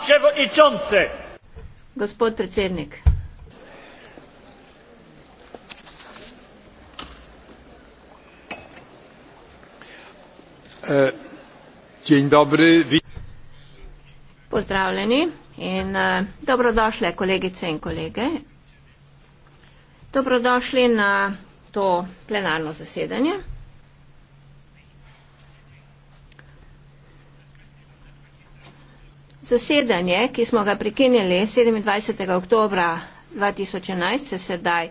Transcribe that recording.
Przewodniczący! Gospod predsednik. E, dzień dobry. Pozdravljeni in e, dobrodošle kolegice in kolege. Dobrodošli na to plenarno zasedanje. zasedanje, ki smo ga prekinili 27. oktobra 2011, se sedaj